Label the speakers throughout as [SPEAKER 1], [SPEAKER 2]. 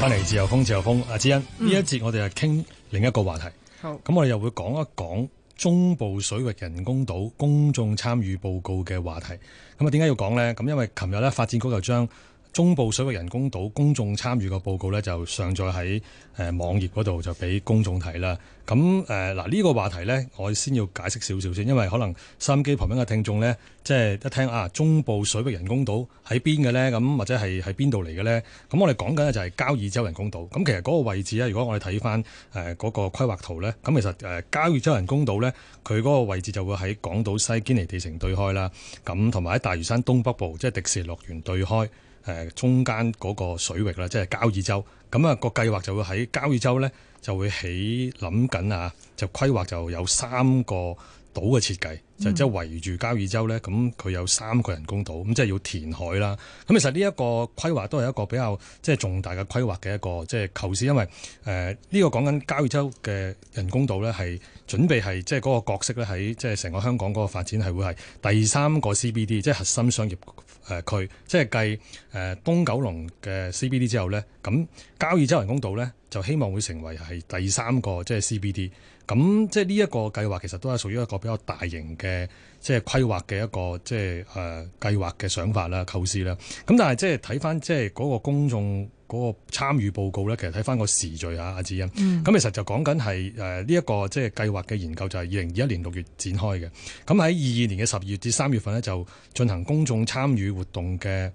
[SPEAKER 1] 翻嚟自由風，自由風，阿芷欣呢一節我哋係傾另一個話題。好，咁我哋又會講一講中部水域人工島公眾參與報告嘅話題。咁啊，點解要講呢？咁因為琴日咧，發展局就將中部水域人工島公眾參與個報告咧，就上載喺誒網頁嗰度，就俾公眾睇啦。咁誒嗱呢個話題咧，我先要解釋少少先，因為可能收音機旁邊嘅聽眾咧，即係一聽啊，中部水域人工島喺邊嘅咧？咁或者係喺邊度嚟嘅咧？咁我哋講緊咧就係交椅洲人工島。咁其實嗰個位置咧，如果我哋睇翻誒嗰個規劃圖咧，咁其實誒交椅洲人工島咧，佢嗰個位置就會喺港島西堅尼地城對開啦。咁同埋喺大嶼山東北部，即係迪士尼樂園對開。誒中間嗰個水域啦，即係交椅洲咁啊，那個計劃就會喺交椅洲咧，就會起諗緊啊，就規劃就有三個島嘅設計，嗯、就即、是、係圍住交椅洲咧，咁佢有三個人工島，咁即係要填海啦。咁其實呢一個規劃都係一個比較即係、就是、重大嘅規劃嘅一個即係構思，因為誒呢、呃這個講緊交椅洲嘅人工島咧，係準備係即係嗰個角色咧，喺即係成個香港嗰個發展係會係第三個 CBD，即係核心商業。誒、呃、佢即係繼誒東九龍嘅 CBD 之後呢，咁交椅洲人工島呢，就希望會成為係第三個、即係、CBD，即係 CBD。咁即係呢一個計劃其實都係屬於一個比較大型嘅即係規劃嘅一個即係誒、呃、計劃嘅想法啦、構思啦。咁但係即係睇返即係嗰個公眾。嗰、那個參與報告咧，其實睇返個時序啊，阿志欣，咁、嗯、其實就講緊係誒呢一個即係計劃嘅研究，就係二零二一年六月展開嘅。咁喺二二年嘅十二月至三月份咧，就進行公眾參與活動嘅。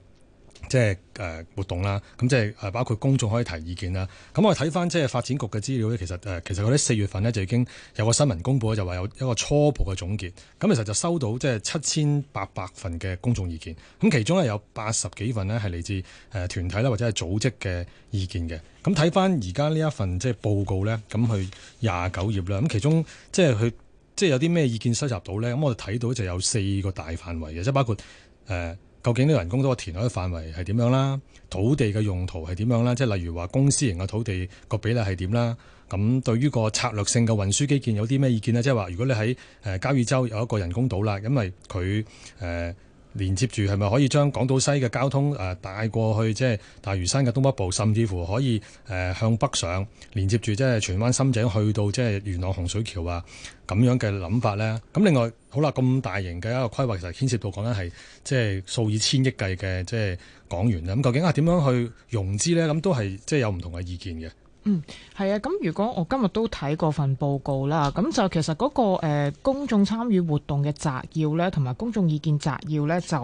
[SPEAKER 1] 即係活動啦，咁即係包括公眾可以提意見啦。咁我睇翻即係發展局嘅資料咧，其實、呃、其實喺四月份呢，就已經有個新聞公佈，就話有一個初步嘅總結。咁其實就收到即係七千八百份嘅公眾意見。咁其中咧有八十幾份呢係嚟自團體啦或者係組織嘅意見嘅。咁睇翻而家呢一份即係報告呢，咁佢廿九頁啦。咁其中即係佢即係有啲咩意見收集到呢？咁我哋睇到就有四個大範圍嘅，即係包括誒。呃究竟呢個人工島嘅填海範圍係點樣啦？土地嘅用途係點樣啦？即係例如話，公私型嘅土地個比例係點啦？咁對於個策略性嘅運輸基建有啲咩意見呢？即係話，如果你喺誒交椅洲有一個人工島啦，因為佢誒？呃連接住係咪可以將港島西嘅交通誒帶過去，即係大嶼山嘅東北部，甚至乎可以誒、呃、向北上連接住即係荃灣、深井，去到即係元朗洪水橋啊咁樣嘅諗法咧。咁另外好啦，咁大型嘅一個規劃其實牽涉到講緊係即係數以千億計嘅即係港元咧。咁究竟啊點樣去融資咧？咁都係即係有唔同嘅意見嘅。
[SPEAKER 2] 嗯，係啊，咁如果我今日都睇過份報告啦，咁就其實嗰、那個、呃、公眾參與活動嘅摘要咧，同埋公眾意見摘要咧，就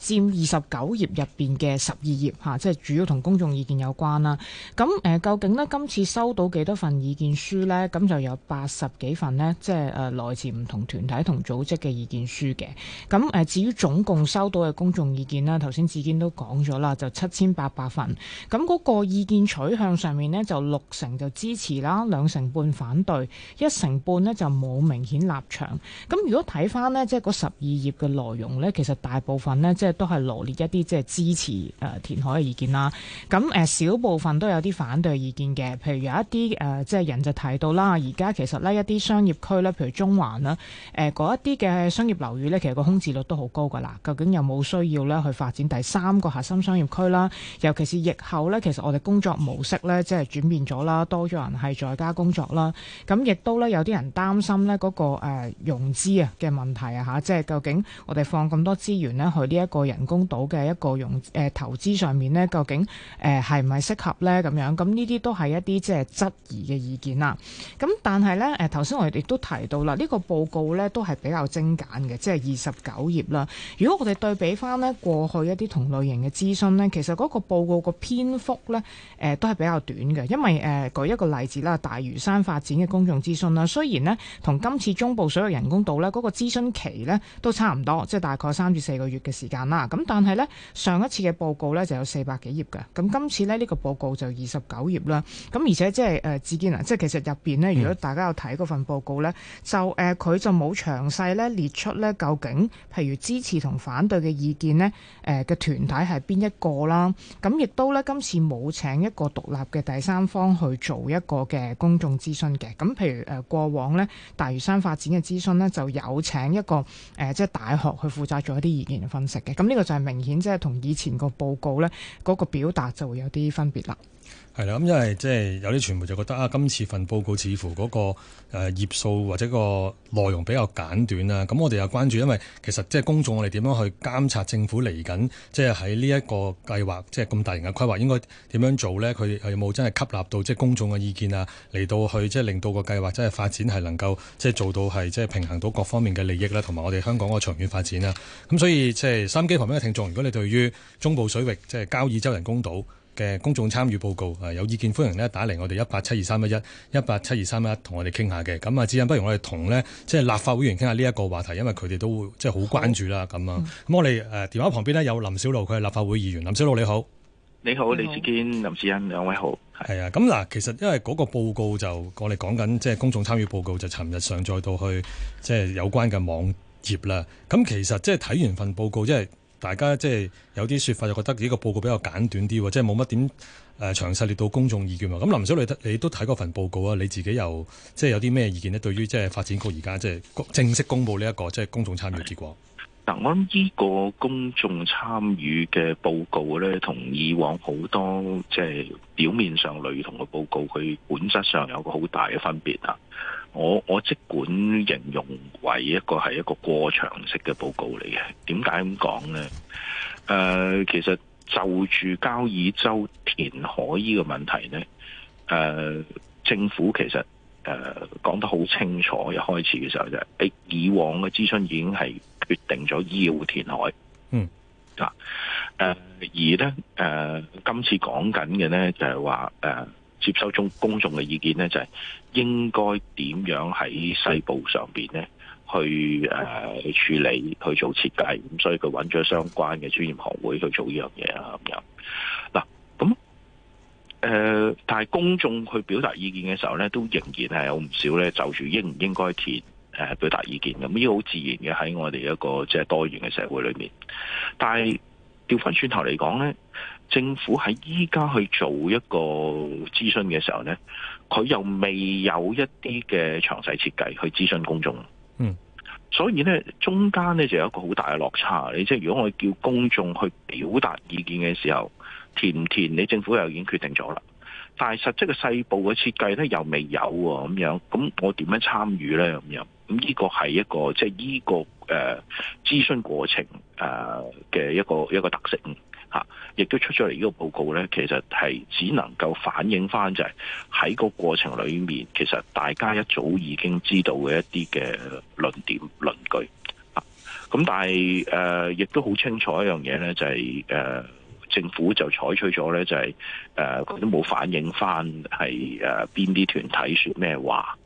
[SPEAKER 2] 佔二十九頁入邊嘅十二頁吓，即係主要同公眾意見有關啦。咁誒、呃、究竟咧今次收到幾多份意見書咧？咁就有八十幾份咧，即係誒來自唔同團體同組織嘅意見書嘅。咁誒、呃、至於總共收到嘅公眾意見啦，頭先志堅都講咗啦，就七千八百份。咁、那、嗰個意見取向上面咧，就六。六成就支持啦，兩成半反對，一成半呢就冇明顯立場，咁如果睇翻呢，即係嗰十二頁嘅內容咧，其實大部分呢，即係都係羅列一啲即係支持誒填海嘅意見啦。咁誒少部分都有啲反對意見嘅，譬如有一啲誒即係人就提到啦，而家其實咧一啲商業區咧，譬如中環啦，誒嗰一啲嘅商業樓宇咧，其實個空置率都好高㗎啦。究竟有冇需要咧去發展第三個核心商業區啦？尤其是疫後咧，其實我哋工作模式咧即係轉變咗。咗啦，多咗人係在家工作啦，咁亦都咧有啲人擔心咧、那、嗰個誒、呃、融資啊嘅問題啊嚇，即係究竟我哋放咁多資源咧去呢一個人工島嘅一個融誒、呃、投資上面咧，究竟誒係唔係適合咧咁樣？咁呢啲都係一啲即係質疑嘅意見啦。咁但係咧誒頭先我哋亦都提到啦，呢、這個報告咧都係比較精簡嘅，即係二十九頁啦。如果我哋對比翻咧過去一啲同類型嘅諮詢咧，其實嗰個報告個篇幅咧誒、呃、都係比較短嘅，因為誒、呃、舉一個例子啦，大嶼山發展嘅公眾諮詢啦。雖然呢，同今次中部所有人工島呢嗰個諮詢期呢都差唔多，即係大概三至四個月嘅時間啦。咁但係呢，上一次嘅報告呢就有四百幾頁嘅，咁今次呢，呢、呢個報告就二十九頁啦。咁而且即係誒自建啊，即係其實入邊呢，如果大家有睇嗰份報告呢，嗯、就誒佢、呃、就冇詳細咧列出呢，究竟譬如支持同反對嘅意見呢誒嘅、呃、團體係邊一個啦。咁亦都呢，今次冇請一個獨立嘅第三方。當去做一個嘅公眾諮詢嘅，咁譬如誒過往呢，大嶼山發展嘅諮詢呢，就有請一個誒即係大學去負責做一啲意見嘅分析嘅，咁呢個就係明顯即係同以前個報告呢嗰個表達就會有啲分別啦。
[SPEAKER 1] 係啦，咁、嗯、因為即係有啲傳媒就覺得啊，今次份報告似乎嗰、那個誒頁、呃、數或者個內容比較簡短啦、啊。咁我哋又關注，因為其實即係公眾我哋點樣去監察政府嚟緊，即係喺呢一個計劃，即係咁大型嘅規劃，應該點樣做咧？佢係有冇真係吸納到即係公眾嘅意見啊？嚟到去即係令到個計劃真係發展係能夠即係做到係即係平衡到各方面嘅利益啦、啊，同埋我哋香港個長遠發展啊。咁所以即係三機旁邊嘅聽眾，如果你對於中部水域即係、就是、交椅洲人工島，嘅公眾參與報告，有意見歡迎咧打嚟我哋一八七二三一一一八七二三一同我哋傾下嘅。咁啊，志恩，不如我哋同咧即係立法會員傾下呢一個話題，因為佢哋都會即係好關注啦。咁啊，咁、嗯嗯、我哋誒電話旁邊咧有林筱魯，佢係立法會議員。林筱魯你好，你
[SPEAKER 3] 好，你好，你好李志堅，林志恩兩位好，
[SPEAKER 1] 係啊。咁嗱，其實因為嗰個報告就我哋講緊即係公眾參與報告，就尋日上載到去即係有關嘅網頁啦。咁其實即係睇完份報告，即係。大家即係有啲說法，就覺得呢個報告比較簡短啲，即係冇乜點誒詳細列到公眾意見嘛。咁林筱魯，你你都睇過份報告啊？你自己又即係有啲咩、就是、意見呢？對於即係發展局而家即係正式公布呢、這、一個即係、就是、公眾參與結果？
[SPEAKER 3] 嗱，我諗呢個公眾參與嘅報告咧，同以往好多即係表面上類同嘅報告，佢本質上有個好大嘅分別啊。我我即管形容為一個係一個過場式嘅報告嚟嘅，點解咁講呢？誒、呃，其實就住交椅洲填海呢個問題呢，誒、呃，政府其實誒、呃、講得好清楚，一開始嘅時候就係、是欸、以往嘅諮詢已經係決定咗要填海，嗯，啊呃、而呢，誒、呃、今次講緊嘅呢，就係話誒，呃接收中公眾嘅意見咧，就係應該點樣喺細部上邊咧去誒處理、去做設計咁，所以佢揾咗相關嘅專業學會去做呢樣嘢啊咁樣。嗱咁誒，但係公眾去表達意見嘅時候咧，都仍然係有唔少咧就住應唔應該填誒表達意見咁，呢個好自然嘅喺我哋一個即係多元嘅社會裏面。但係調翻轉頭嚟講咧。政府喺依家去做一個諮詢嘅時候呢，佢又未有一啲嘅詳細設計去諮詢公眾。嗯，所以呢，中間呢就有一個好大嘅落差。你即係如果我叫公眾去表達意見嘅時候，填唔填你政府又已經決定咗啦。但係實質嘅細部嘅設計呢又未有咁樣，咁我點樣參與呢？咁樣咁，呢個係一個即係呢個誒諮詢過程誒嘅、呃、一個一個特色。亦都出咗嚟呢個報告呢，其實係只能夠反映翻就係喺個過程裏面，其實大家一早已經知道嘅一啲嘅論點論據咁，但係誒，亦、呃、都好清楚一樣嘢呢，就係、是呃、政府就採取咗呢、就是，就係誒佢都冇反映翻係誒邊啲團體說咩話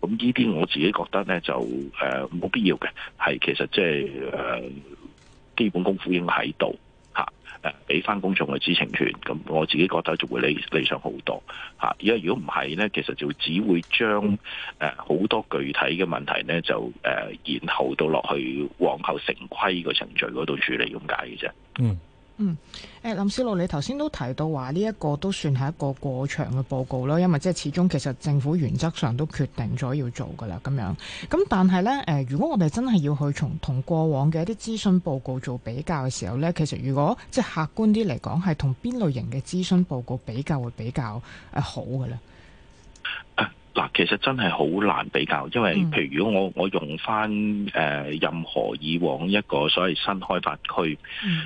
[SPEAKER 3] 咁，呢啲我自己覺得呢，就誒冇、呃、必要嘅，係其實即、就、係、是呃、基本功夫應該喺度。誒俾翻公眾嘅知情權，咁我自己覺得就會理理想好多吓。而家如果唔係咧，其實就只會將誒好多具體嘅問題咧，就誒延後到落去往後成規個程序嗰度處理咁解嘅啫。嗯。
[SPEAKER 2] 嗯，誒林筱魯，你頭先都提到話呢一個都算係一個過長嘅報告咯，因為即係始終其實政府原則上都決定咗要做噶啦，咁樣。咁但係呢，如果我哋真係要去從同過往嘅一啲諮詢報告做比較嘅時候呢，其實如果即係客觀啲嚟講，係同邊類型嘅諮詢報告比較會比較誒好㗎啦。
[SPEAKER 3] 嗱，其實真係好難比較，因為譬如如果我我用返誒、呃、任何以往一個所謂新開發區，誒、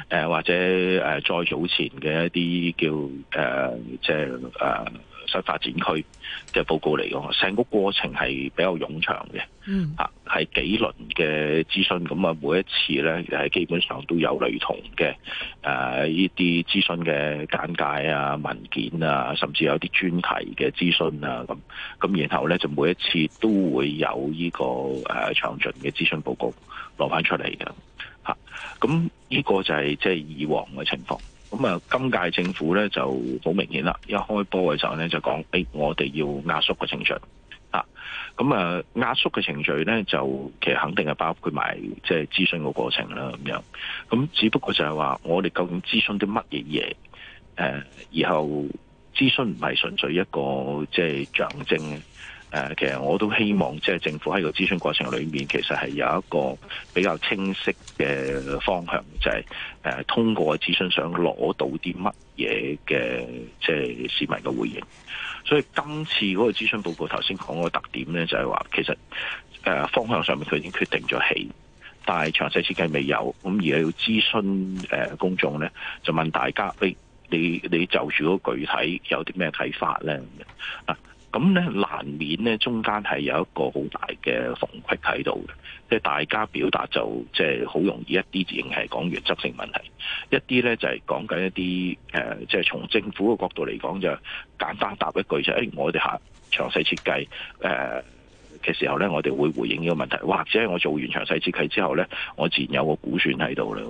[SPEAKER 3] 呃、或者誒、呃、再早前嘅一啲叫誒、呃、即係誒。呃新發展區嘅報告嚟講，成個過程係比較冗長嘅，嚇、mm。係幾輪嘅諮詢，咁啊每一次咧係基本上都有類同嘅，誒依啲諮詢嘅簡介啊、文件啊，甚至有啲專題嘅諮詢啊，咁咁然後咧就每一次都會有呢、呢個誒詳盡嘅諮詢報告攞翻出嚟嘅，嚇咁呢個就係即係以往嘅情況。咁啊，今屆政府咧就好明顯啦，一開波嘅時候咧就講，誒我哋要壓縮個程序咁啊，啊，壓縮嘅程序咧就其實肯定係包括埋即係諮詢個過程啦，咁樣。咁只不過就係話，我哋究竟諮詢啲乜嘢嘢？誒、啊，以後諮詢唔係純粹一個即係象徵。誒，其實我都希望即係政府喺個諮詢過程裏面，其實係有一個比較清晰嘅方向，就係誒通過諮詢想攞到啲乜嘢嘅即係市民嘅回應。所以今次嗰個諮詢報告頭先講個特點咧，就係話其實誒方向上面佢已經決定咗起，但係詳細設計未有。咁而家要諮詢誒公眾咧，就問大家你你你就住嗰具體有啲咩睇法咧啊？咁咧，難免咧中間係有一個好大嘅縫隙喺度嘅，即係大家表達就即係好容易一啲自認係講原則性問題，一啲咧就係、是、講緊一啲即係從政府嘅角度嚟講就簡單答一句就誒、是哎，我哋下詳細設計、呃嘅時候咧，我哋會回應呢個問題，或者我做完詳細設計之後咧，我自然有個估算喺度啦。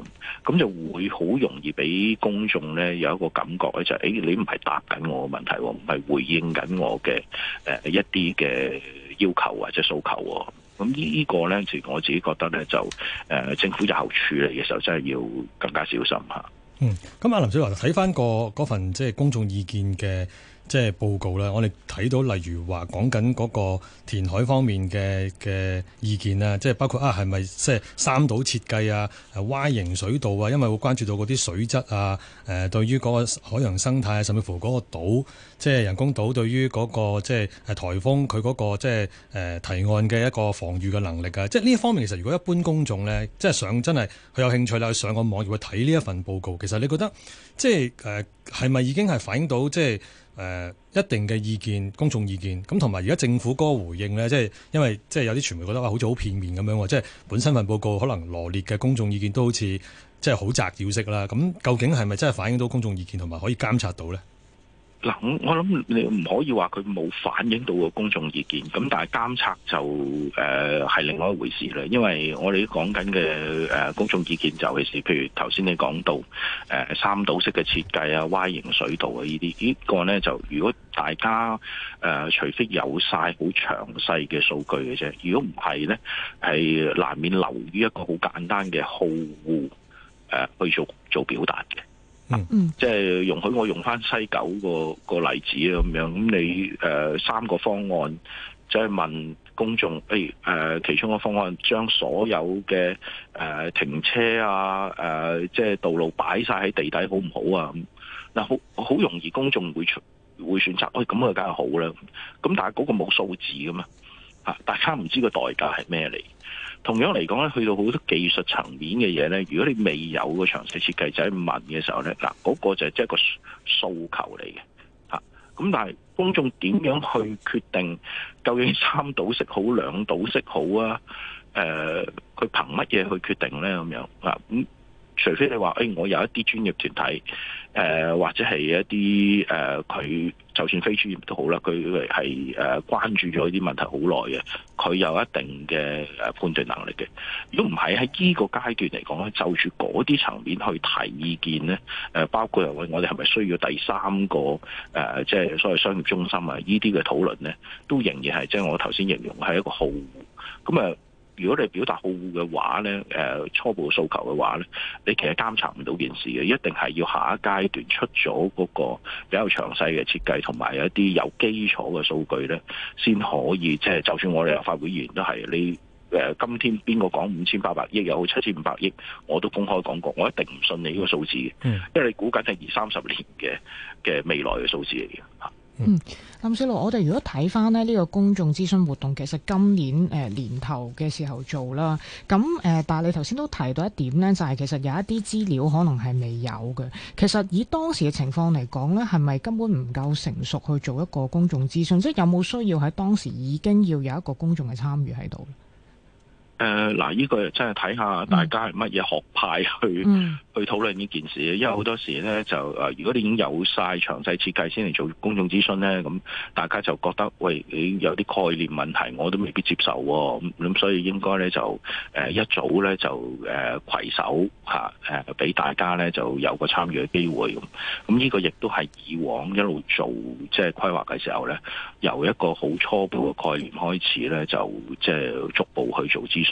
[SPEAKER 3] 咁就會好容易俾公眾咧有一個感覺咧、就是，就、欸、誒你唔係答緊我個問題，唔係回應緊我嘅誒、呃、一啲嘅要求或者訴求。咁呢個咧，就我自己覺得咧，就誒、呃、政府日後處理嘅時候，真係要更加小心嚇。嗯，
[SPEAKER 1] 咁阿林筱魯睇翻、那個嗰份即係公眾意見嘅。即係報告呢，我哋睇到，例如話講緊嗰個填海方面嘅嘅意見啊，即係包括啊，係咪即係三島設計啊？誒，Y 型水道啊，因為會關注到嗰啲水質啊，誒，對於嗰個海洋生態啊，甚至乎嗰個島，即係人工島，對於嗰個即係誒颱風佢嗰個即係誒提案嘅一個防禦嘅能力啊。即係呢一方面，其實如果一般公眾咧，即係想真係佢有興趣啦，去上個網頁去睇呢一份報告。其實你覺得即係誒係咪已經係反映到即係？誒、呃、一定嘅意見，公眾意見咁，同埋而家政府嗰個回應呢，即係因為即係有啲傳媒覺得好似好片面咁樣，即係本身份報告可能羅列嘅公眾意見都好似即係好窄要式啦。咁究竟係咪真係反映到公眾意見同埋可以監察到呢？
[SPEAKER 3] 嗱，我諗諗你唔可以話佢冇反映到個公眾意見，咁但係監測就誒、是、係、呃、另外一回事啦。因為我哋講緊嘅誒公眾意見、就是，尤其是譬如頭先你講到誒、呃、三島式嘅設計啊、Y 型水道啊、這個、呢啲，呢個咧就如果大家誒除非有晒好詳細嘅數據嘅啫，如果唔係咧，係難免流於一個好簡單嘅口號誒去做做表達嘅。嗯，即、啊、係、就是、容許我用翻西九個個例子啊，咁樣咁你誒、呃、三個方案，即、就、係、是、問公眾，誒、哎、誒、呃，其中個方案將所有嘅誒、呃、停車啊，誒即係道路擺晒喺地底好唔好啊？嗱，好好容易公眾會出會選擇，喂、哎，咁佢梗係好啦，咁但係嗰個冇數字噶嘛，吓、啊，大家唔知個代價係咩嚟。同樣嚟講咧，去到好多技術層面嘅嘢咧，如果你未有個詳細設計仔、就是、問嘅時候咧，嗱、那、嗰個就係即係一個訴求嚟嘅嚇。咁但係公眾點樣去決定究竟三島式好兩島式好啊？佢、呃、憑乜嘢去決定咧？咁樣啊？咁除非你話、哎、我有一啲專業團體誒、呃，或者係一啲誒佢。呃。就算非專業都好啦，佢係誒關注咗呢啲問題好耐嘅，佢有一定嘅判斷能力嘅。如果唔係喺呢個階段嚟講咧，就住嗰啲層面去提意見咧，誒包括又話我哋係咪需要第三個誒，即係所謂商業中心啊？依啲嘅討論咧，都仍然係即係我頭先形容係一個耗，咁啊。如果你表達好嘅話咧，誒初步訴求嘅話咧，你其實監察唔到件事嘅，一定係要下一階段出咗嗰個比較詳細嘅設計，同埋有一啲有基礎嘅數據咧，先可以即係、就係、就算我哋立法會議員都係你誒，今天邊個講五千八百億又好，七千五百億，我都公開講過，我一定唔信你呢個數字嘅，因為你估緊係二三十年嘅嘅未來嘅數字嚟嘅。
[SPEAKER 2] 嗯，林筱魯，我哋如果睇翻呢個公眾諮詢活動，其實今年誒、呃、年頭嘅時候做啦，咁誒、呃，但係你頭先都提到一點呢，就係、是、其實有一啲資料可能係未有嘅。其實以當時嘅情況嚟講，呢係咪根本唔夠成熟去做一個公眾諮詢？即有冇需要喺當時已經要有一個公眾嘅參與喺度？
[SPEAKER 3] 誒、呃、嗱，呢個真係睇下大家係乜嘢學派去、嗯、去討論呢件事，因為好多時咧就誒，如果你已經有晒詳細設計先嚟做公眾諮詢咧，咁、嗯、大家就覺得喂，你有啲概念問題，我都未必接受、哦、咁、嗯、所以應該咧就誒、呃、一早咧就誒携、呃、手吓誒，俾、啊啊、大家咧就有個參與嘅機會。咁、嗯，咁、這、呢個亦都係以往一路做即係規劃嘅時候咧，由一個好初步嘅概念開始咧，就即係逐步去做諮詢。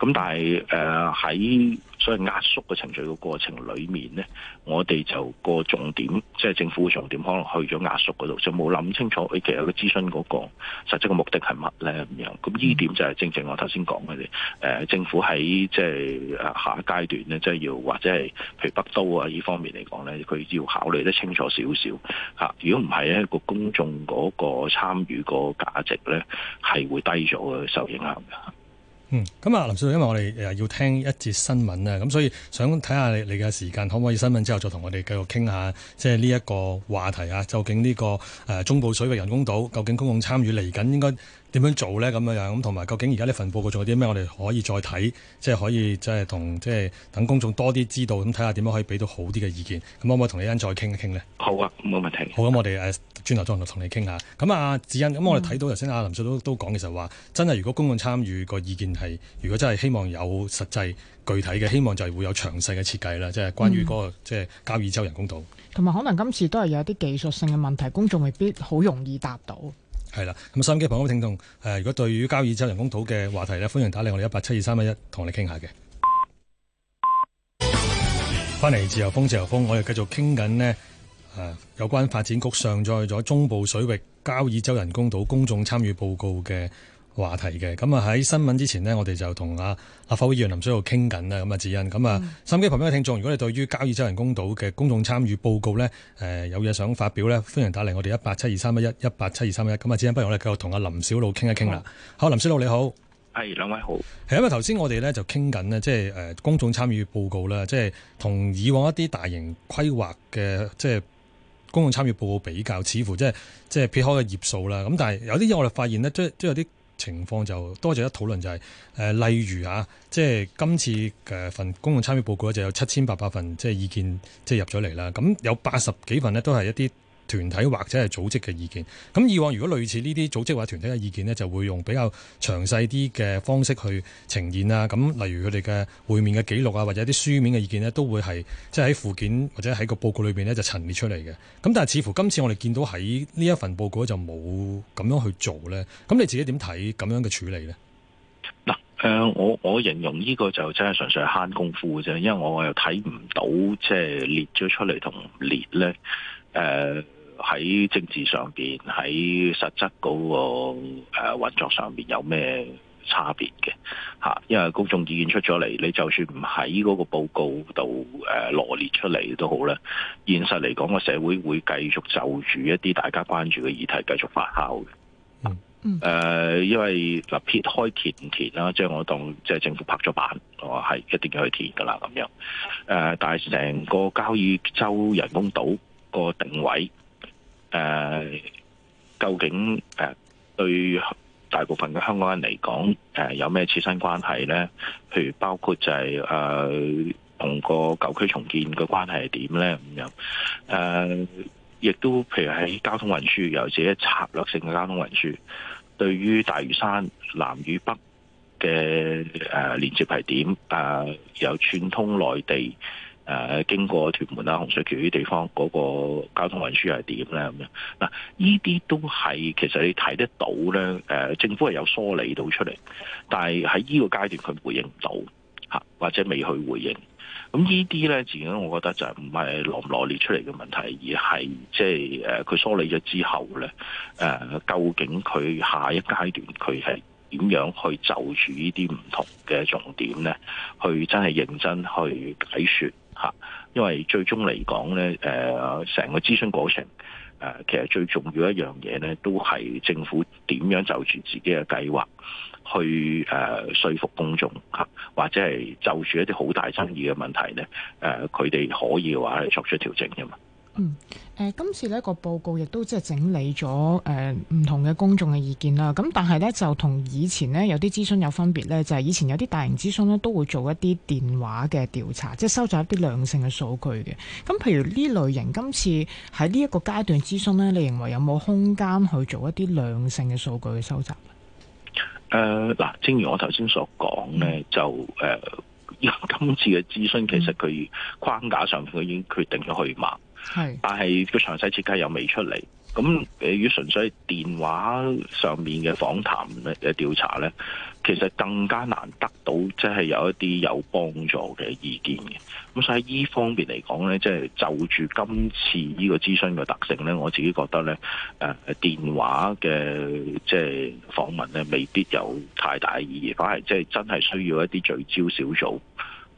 [SPEAKER 3] 咁但係誒喺所謂壓縮嘅程序嘅過程裏面咧，我哋就個重點即係、就是、政府重點，可能去咗壓縮嗰度，就冇諗清楚，欸、其實個諮詢嗰、那個實際嘅目的係乜咧咁樣。咁呢點就係正正我頭先講嘅哋誒政府喺即係下一階段咧，即、就、係、是、要或者係譬如北都啊呢方面嚟講咧，佢要考慮得清楚少少嚇，如果唔係咧，個公眾嗰個參與個價值咧係會低咗嘅，受影響嘅。
[SPEAKER 1] 嗯，咁啊，林少，因為我哋誒要聽一節新聞啊，咁所以想睇下你嘅時間可唔可以？新聞之後再同我哋繼續傾下，即係呢一個話題啊，究竟呢個中部水域人工島，究竟公共參與嚟緊應該點樣做呢？咁樣樣咁，同埋究竟而家呢份報告仲有啲咩？我哋可以再睇，即係可以即係同即係等公眾多啲知道，咁睇下點樣可以俾到好啲嘅意見。咁可唔可以同李欣再傾一傾呢？好啊，冇問題。好咁，我哋誒轉頭再同你傾下。咁啊，子欣，咁、啊、我哋睇到頭先阿林叔都都講嘅時候話，真係如果公眾參與個意見係，如果真係希望有實際具體嘅，希望就係會有詳細嘅設計啦，即係關於嗰、那個、嗯、即係交椅洲人工島。
[SPEAKER 2] 同埋可能今次都係有啲技術性嘅問題，公眾未必好容易答到。
[SPEAKER 1] 係啦，咁收音機旁都聽眾。誒、呃，如果對於交椅洲人工島嘅話題咧，歡迎打嚟我哋一八七二三一一，同我哋傾下嘅。翻嚟 自由風，自由風，我哋繼續傾緊呢誒，有關發展局上載咗中部水域交椅洲人工島公眾參與報告嘅。話題嘅咁啊喺新聞之前呢，我哋就同阿立法會議員林筱魯傾緊啦。咁啊，子欣咁啊，收音機旁邊嘅聽眾，如果你對於交椅洲人工島嘅公眾參與報告呢，誒、呃、有嘢想發表呢，歡迎打嚟我哋一八七二三一一一八七二三一。咁啊，子欣，不如我哋繼續同阿林筱魯傾一傾啦。好，林筱魯你好，
[SPEAKER 3] 係兩位好。
[SPEAKER 1] 係因為頭先我哋呢就傾緊呢，即係誒公眾參與報告啦，即係同以往一啲大型規劃嘅即係公眾參與報告比較，似乎即係即係撇開嘅頁數啦。咁但係有啲嘢我哋發現呢，即係即係有啲。情況就多咗一討論，就係，呃，例如啊，即係今次份公共參與報告就有七千八百份即係意見即係入咗嚟啦。咁有八十幾份呢都係一啲。團體或者係組織嘅意見，咁以往如果類似呢啲組織或者團體嘅意見呢，就會用比較詳細啲嘅方式去呈現啊。咁例如佢哋嘅會面嘅記錄啊，或者啲書面嘅意見呢，都會係即係喺附件或者喺個報告裏邊呢，就陳列出嚟嘅。咁但係似乎今次我哋見到喺呢一份報告就冇咁樣去做呢。咁你自己點睇咁樣嘅處理呢？
[SPEAKER 3] 嗱，誒，我我形容呢個就真係純粹係慳功夫嘅啫，因為我又睇唔到即係、就是、列咗出嚟同列呢。誒、呃。喺政治上邊，喺實質嗰個誒運作上邊有咩差別嘅吓？因為公眾意見出咗嚟，你就算唔喺嗰個報告度誒羅列出嚟都好咧。現實嚟講，個社會會繼續就住一啲大家關注嘅議題繼續發酵嘅。誒、mm-hmm. 呃，因為嗱撇開填唔填啦，即係我當即係政府拍咗板，我話係一定要去填噶啦，咁樣誒、呃。但係成個交椅洲人工島個定位，誒、呃，究竟誒、呃、對大部分嘅香港人嚟講，誒、呃、有咩切身關係呢？譬如包括就係誒同個舊區重建嘅關係係點呢？咁樣。誒、呃，亦都譬如喺交通運輸，又或者策略性嘅交通運輸，對於大嶼山南與北嘅誒、呃、連接係點？誒、呃，有串通內地，誒、啊，經過屯門啦、啊、洪水橋啲地方嗰、那個交通運輸係點咧咁樣呢？嗱，呢啲都係其實你睇得到咧。誒、啊，政府係有梳理到出嚟，但係喺呢個階段佢回應唔到吓，或者未去回應。咁、啊、呢啲咧，自然我覺得就唔係羅唔羅列出嚟嘅問題，而係即係誒，佢、啊、梳理咗之後咧，誒、啊，究竟佢下一階段佢係點樣去就住呢啲唔同嘅重點咧，去真係認真去解說。吓，因為最終嚟講咧，誒、呃，成個諮詢過程，誒、呃，其實最重要的一樣嘢咧，都係政府點樣就住自己嘅計劃去誒、呃、說服公眾吓、呃，或者係就住一啲好大爭議嘅問題咧，誒、呃，佢哋可以嘅話嚟作出調整嘅嘛。
[SPEAKER 2] 嗯，誒、呃，今次呢個報告亦都即係整理咗誒唔同嘅公眾嘅意見啦。咁但係呢，就同以前呢有啲諮詢有分別呢，就係、是、以前有啲大型諮詢呢都會做一啲電話嘅調查，即係收集一啲量性嘅數據嘅。咁譬如呢類型，今次喺呢一個階段諮詢呢，你認為有冇空間去做一啲量性嘅數據嘅收集？誒、
[SPEAKER 3] 呃，嗱，正如我頭先所講呢、嗯，就誒、呃，今次嘅諮詢其實佢框架上面，佢已經決定咗去嘛。嗯係，但係個詳細設計又未出嚟，咁如果純粹電話上面嘅訪談嘅調查咧，其實更加難得到，即係有一啲有幫助嘅意見嘅。咁所以喺呢方面嚟講咧，即係就住、是、今次呢個諮詢嘅特性咧，我自己覺得咧，誒、啊、電話嘅即係訪問咧，未必有太大嘅意義，反而即係真係需要一啲聚焦小組。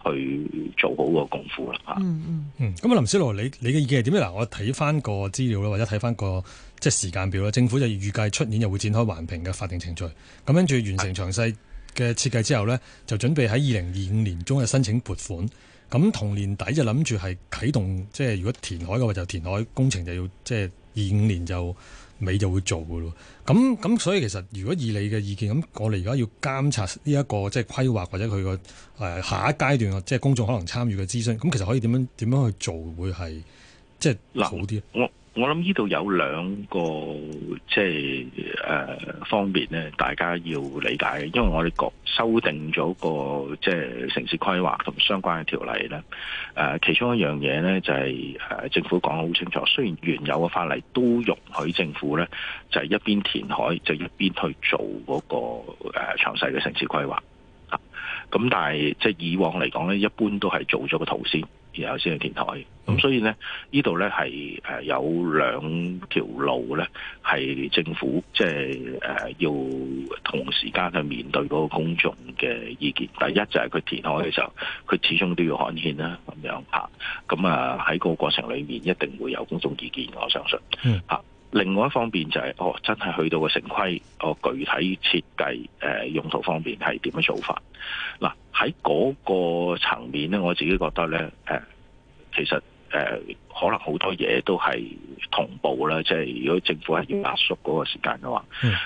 [SPEAKER 3] 去做好個功夫
[SPEAKER 2] 啦，吓嗯嗯嗯。
[SPEAKER 1] 咁、嗯、啊，嗯、林思露林筱魯，你你嘅意見係點呢？嗱，我睇翻個資料，或者睇翻個即係時間表，政府就預計出年又會展開環評嘅法定程序，咁跟住完成詳細嘅設計之後呢，就準備喺二零二五年中嘅申請撥款。咁同年底就諗住係啟動，即係如果填海嘅話，就填海工程就要即係二五年就尾就會做嘅咯，咁咁所以其實如果以你嘅意見，咁我哋而家要監察呢一個即係規劃或者佢個、呃、下一階段嘅即係公眾可能參與嘅諮詢，咁其實可以點樣點樣去做會係即係嗱好啲？
[SPEAKER 3] 我諗、就是呃、呢度有兩個即係誒方面咧，大家要理解嘅，因為我哋局修訂咗個即係、就是、城市規劃同相關嘅條例咧。誒、呃，其中一樣嘢咧就係、是、誒、呃，政府講得好清楚，雖然原有嘅法例都容許政府咧，就係、是、一邊填海就一邊去做嗰、那個誒詳細嘅城市規劃。咁、嗯、但係即係以往嚟講咧，一般都係做咗個圖先，然後先去填海。咁、嗯、所以咧，呢度咧係誒有兩條路咧，係政府即係誒、呃、要同時間去面對嗰個公眾嘅意見。第一就係佢填海嘅時候，佢、嗯、始終都要刊憲啦，咁樣吓。咁啊喺、啊、個過程裏面，一定會有公眾意見，我相信，吓、啊。另外一方面就係、是、哦，真係去到城、那個城規個具體設計，誒用途方面係點樣做法？嗱，喺嗰個層面咧，我自己覺得咧，誒、呃、其實。誒、呃、可能好多嘢都係同步啦，即係如果政府係要壓縮嗰個時間嘅話，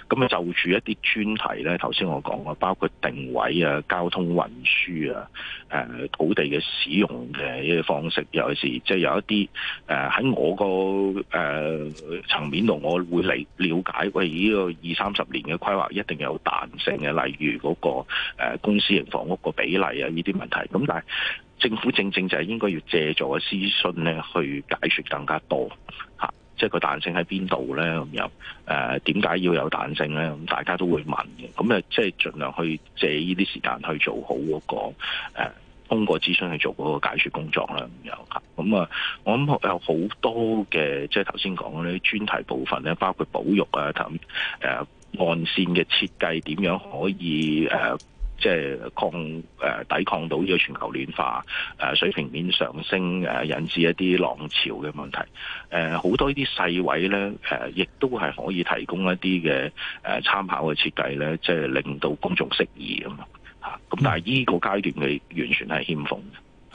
[SPEAKER 3] 咁、mm-hmm. 就住一啲專題呢。頭先我講過，包括定位啊、交通運輸啊、誒、呃、土地嘅使用嘅一啲方式，尤其是即係有一啲誒喺我個誒、呃、層面度，我會嚟了解。喂，呢個二三十年嘅規劃一定有彈性嘅，例如嗰、那個、呃、公私營房屋個比例啊，呢啲問題。咁但係。政府正正就係應該要借助嘅諮詢咧，去解說更加多嚇，即係個彈性喺邊度咧，咁樣誒，點解要有彈性咧？咁大家都會問嘅，咁誒，即係盡量去借呢啲時間去做好嗰個誒，通過諮詢去做嗰個解說工作啦咁樣嚇。咁啊，我諗有好多嘅，即係頭先講嗰啲專題部分咧，包括保育啊，同誒岸線嘅設計點樣可以誒？即係抗誒抵抗到依個全球暖化誒水平面上升誒引致一啲浪潮嘅問題，誒好多呢啲細位咧，誒亦都係可以提供一啲嘅誒參考嘅設計咧，即係令到公眾適宜咁樣吓，咁但係呢個階段嘅完全係欠奉。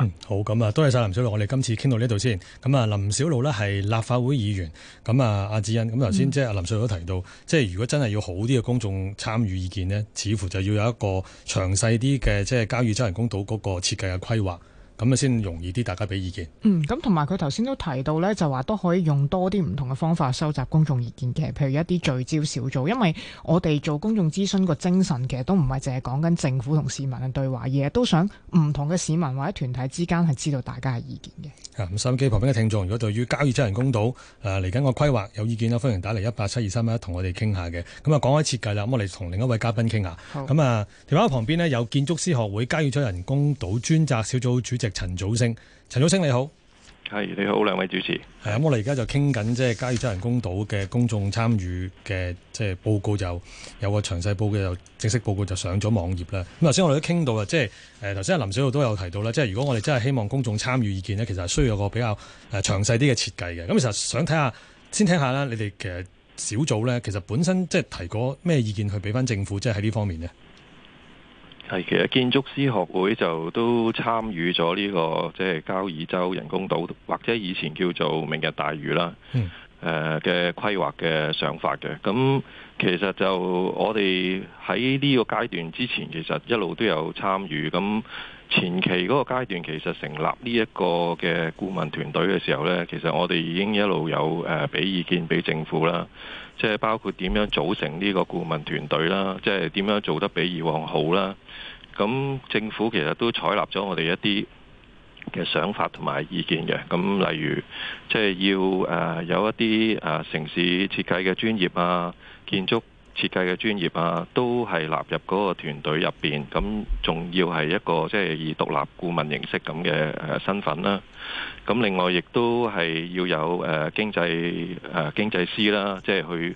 [SPEAKER 1] 嗯，好，咁啊，多謝晒林筱魯，我哋今次傾到呢度先。咁啊，林筱魯呢係立法會議員，咁啊阿祖聲，咁頭先即係阿林筱魯都提到，嗯、即係如果真係要好啲嘅公眾參與意見呢，似乎就要有一個詳細啲嘅即係交椅洲人工島嗰個設計嘅規劃。咁啊，先容易啲，大家俾意見。
[SPEAKER 2] 嗯，咁同埋佢頭先都提到呢，就話都可以用多啲唔同嘅方法收集公眾意見嘅，譬如一啲聚焦小組。因為我哋做公眾諮詢個精神，其實都唔係淨係講緊政府同市民嘅對話，而係都想唔同嘅市民或者團體之間係知道大家嘅意見
[SPEAKER 1] 嘅。啊、嗯，收音機旁邊嘅聽眾，如果對於交椅洲人工島嚟緊個規劃有意見啦，歡迎打嚟一八七二三一同我哋傾下嘅。咁、嗯、啊，講開設計啦，咁、嗯、我哋同另一位嘉賓傾下。咁、嗯、啊，電話旁邊呢，有建築師學會交椅洲人工島專責小組主席。陳祖勝，陳祖聲你好，
[SPEAKER 4] 係你好，兩位主持，
[SPEAKER 1] 係咁、嗯，我哋而、就是、家就傾緊即係交椅洲人工島嘅公眾參與嘅即係報告，就有個詳細報告，就正式報告就上咗網頁啦。咁頭先我哋都傾到啊，即係誒，頭先阿林筱魯都有提到啦，即、就、係、是、如果我哋真係希望公眾參與意見呢，其實係需要有個比較誒詳細啲嘅設計嘅。咁、呃嗯、其實想睇下，先聽下啦，你哋其實小組咧，其實本身即係提過咩意見去俾翻政府，即係喺呢方面呢。
[SPEAKER 4] 係，其實建築師學會就都參與咗呢、這個即係、就是、交椅洲人工島，或者以前叫做明日大嶼啦，誒、嗯、嘅、呃、規劃嘅想法嘅。咁其實就我哋喺呢個階段之前，其實一路都有參與咁。前期嗰個階段，其實成立呢一個嘅顧問團隊嘅時候咧，其實我哋已經一路有誒俾意見俾政府啦，即係包括點樣組成呢個顧問團隊啦，即係點樣做得比以往好啦。咁政府其實都採納咗我哋一啲嘅想法同埋意見嘅。咁例如，即係要誒有一啲誒城市設計嘅專業啊，建築。設計嘅專業啊，都係納入嗰個團隊入邊，咁仲要係一個即係、就是、以獨立顧問形式咁嘅誒身份啦、啊。咁另外亦都係要有誒、啊、經濟誒、啊、經濟師啦，即、就、係、是、去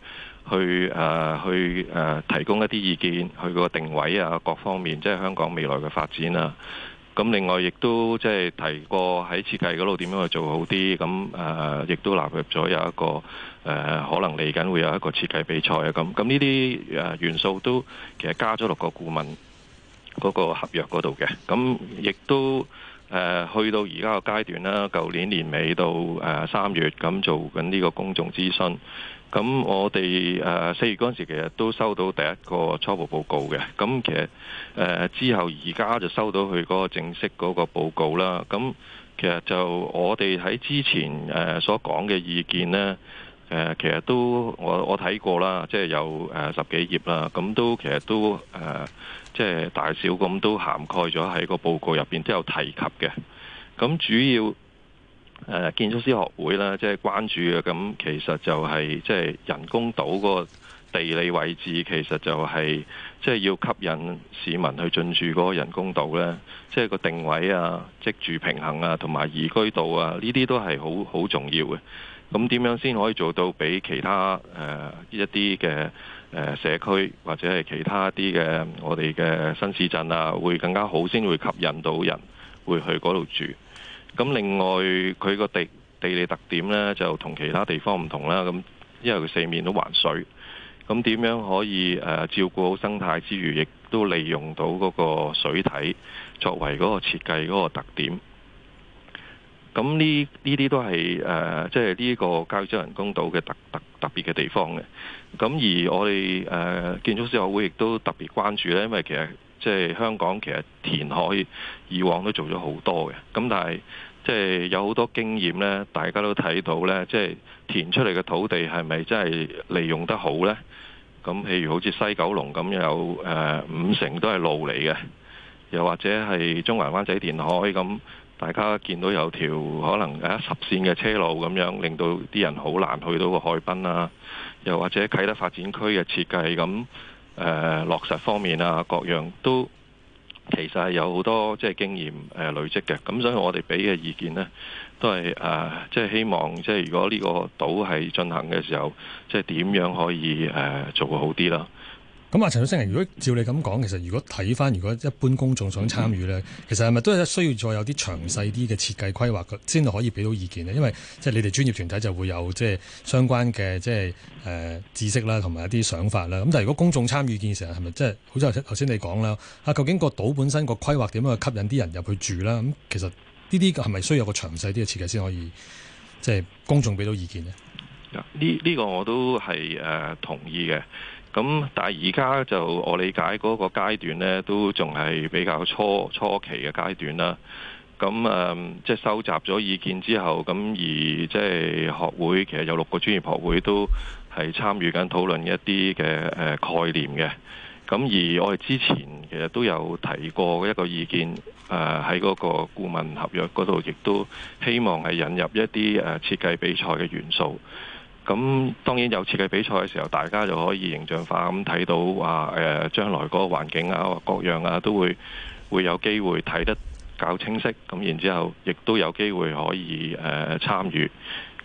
[SPEAKER 4] 去誒、啊、去誒提供一啲意見，去個定位啊各方面，即、就、係、是、香港未來嘅發展啊。咁另外亦都即係提過喺設計嗰度點樣去做好啲，咁誒亦都納入咗有一個。誒可能嚟緊會有一個設計比賽啊，咁咁呢啲誒元素都其實加咗六個顧問嗰個合約嗰度嘅，咁亦都誒、呃、去到而家個階段啦。舊年年尾到誒三月咁做緊呢個公眾諮詢，咁我哋誒四月嗰陣時其實都收到第一個初步報告嘅，咁其實誒、呃、之後而家就收到佢個正式嗰個報告啦。咁其實就我哋喺之前誒所講嘅意見呢。誒，其實都我我睇過啦，即係有十幾頁啦，咁都其實都誒，即係大小咁都涵蓋咗喺個報告入邊都有提及嘅。咁主要、呃、建築師學會啦，即係關注嘅。咁其實就係即係人工島嗰個地理位置，其實就係即係要吸引市民去進駐嗰個人工島呢，即係個定位啊、職住平衡啊、同埋宜居度啊，呢啲都係好好重要嘅。咁點樣先可以做到比其他誒、呃、一啲嘅誒社區或者係其他啲嘅我哋嘅新市鎮啊，會更加好先會吸引到人會去嗰度住？咁另外佢個地地理特點呢，就同其他地方唔同啦。咁因為佢四面都環水，咁點樣可以誒、呃、照顧好生態之餘，亦都利用到嗰個水體作為嗰個設計嗰個特點？咁呢呢啲都係誒，即係呢個交椅洲人工島嘅特特特別嘅地方嘅。咁而我哋誒、呃、建築師學會亦都特別關注咧，因為其實即係、就是、香港其實填海以往都做咗好多嘅。咁但係即係有好多經驗咧，大家都睇到咧，即、就、係、是、填出嚟嘅土地係咪真係利用得好咧？咁譬如好似西九龍咁有誒、呃、五成都係路嚟嘅，又或者係中環灣仔填海咁。大家見到有條可能誒十線嘅車路咁樣，令到啲人好難去到個海濱啊，又或者啟德發展區嘅設計咁誒、呃、落實方面啊，各樣都其實係有好多即係經驗誒、呃、累積嘅，咁所以我哋俾嘅意見呢，都係誒、呃、即係希望即係如果呢個島係進行嘅時候，即係點樣可以誒、呃、做好啲啦。
[SPEAKER 1] 咁、嗯、啊，陳祖聲，如果照你咁講，其實如果睇返，如果一般公眾想參與咧，其實係咪都係需要再有啲詳細啲嘅設計規劃，先可以俾到意見呢？因為即係你哋專業團體就會有即係相關嘅即係誒、呃、知識啦，同埋一啲想法啦。咁但係如果公眾參與建成係係咪即係好似頭先你講啦？啊，究竟個島本身個規劃點樣去吸引啲人入去住啦？咁、嗯、其實呢啲係咪需要有個詳細啲嘅設計先可以即係公眾俾到意見呢
[SPEAKER 4] 呢呢、呢個我都係、呃、同意嘅。咁但係而家就我理解嗰個階段咧，都仲係比較初初期嘅階段啦。咁誒即係收集咗意見之後，咁而即係、就是、學會其實有六個專業學會都係參與緊討論一啲嘅誒概念嘅。咁而我哋之前其實都有提過一個意見誒，喺嗰個顧問合約嗰度，亦都希望係引入一啲誒設計比賽嘅元素。咁當然有設計比賽嘅時候，大家就可以形象化咁睇到話誒將來嗰個環境啊各樣啊都會會有機會睇得較清晰。咁然之後，亦都有機會可以誒、呃、參與。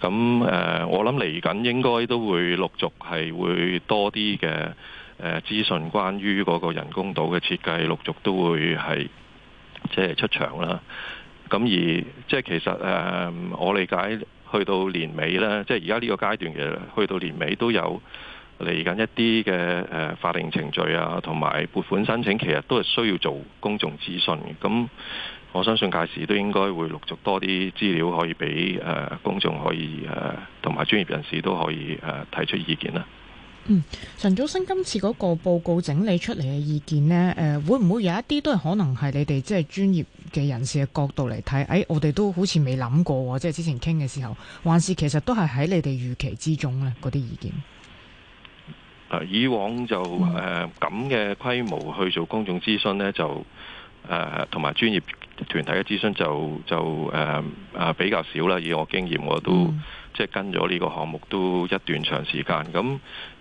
[SPEAKER 4] 咁誒、呃、我諗嚟緊應該都會陸續係會多啲嘅誒資訊關於嗰個人工島嘅設計，陸續都會係即係出場啦。咁而即係其實誒、呃、我理解。去到年尾咧，即係而家呢個階段嘅，去到年尾都有嚟緊一啲嘅誒法定程序啊，同埋撥款申請，其實都係需要做公眾諮詢嘅。咁我相信屆時都應該會陸續多啲資料可以俾誒、呃、公眾可以誒同埋專業人士都可以誒、呃、提出意見啦。
[SPEAKER 2] 嗯，陳祖聲今次嗰個報告整理出嚟嘅意見呢，誒、呃，會唔會有一啲都係可能係你哋即係專業嘅人士嘅角度嚟睇？誒、哎，我哋都好似未諗過，即係之前傾嘅時候，還是其實都係喺你哋預期之中咧？嗰啲意見。
[SPEAKER 4] 以往就誒咁嘅規模去做公眾諮詢呢，就誒同埋專業團體嘅諮詢就就誒啊、呃、比較少啦。以我經驗，我都、嗯、即係跟咗呢個項目都一段長時間咁。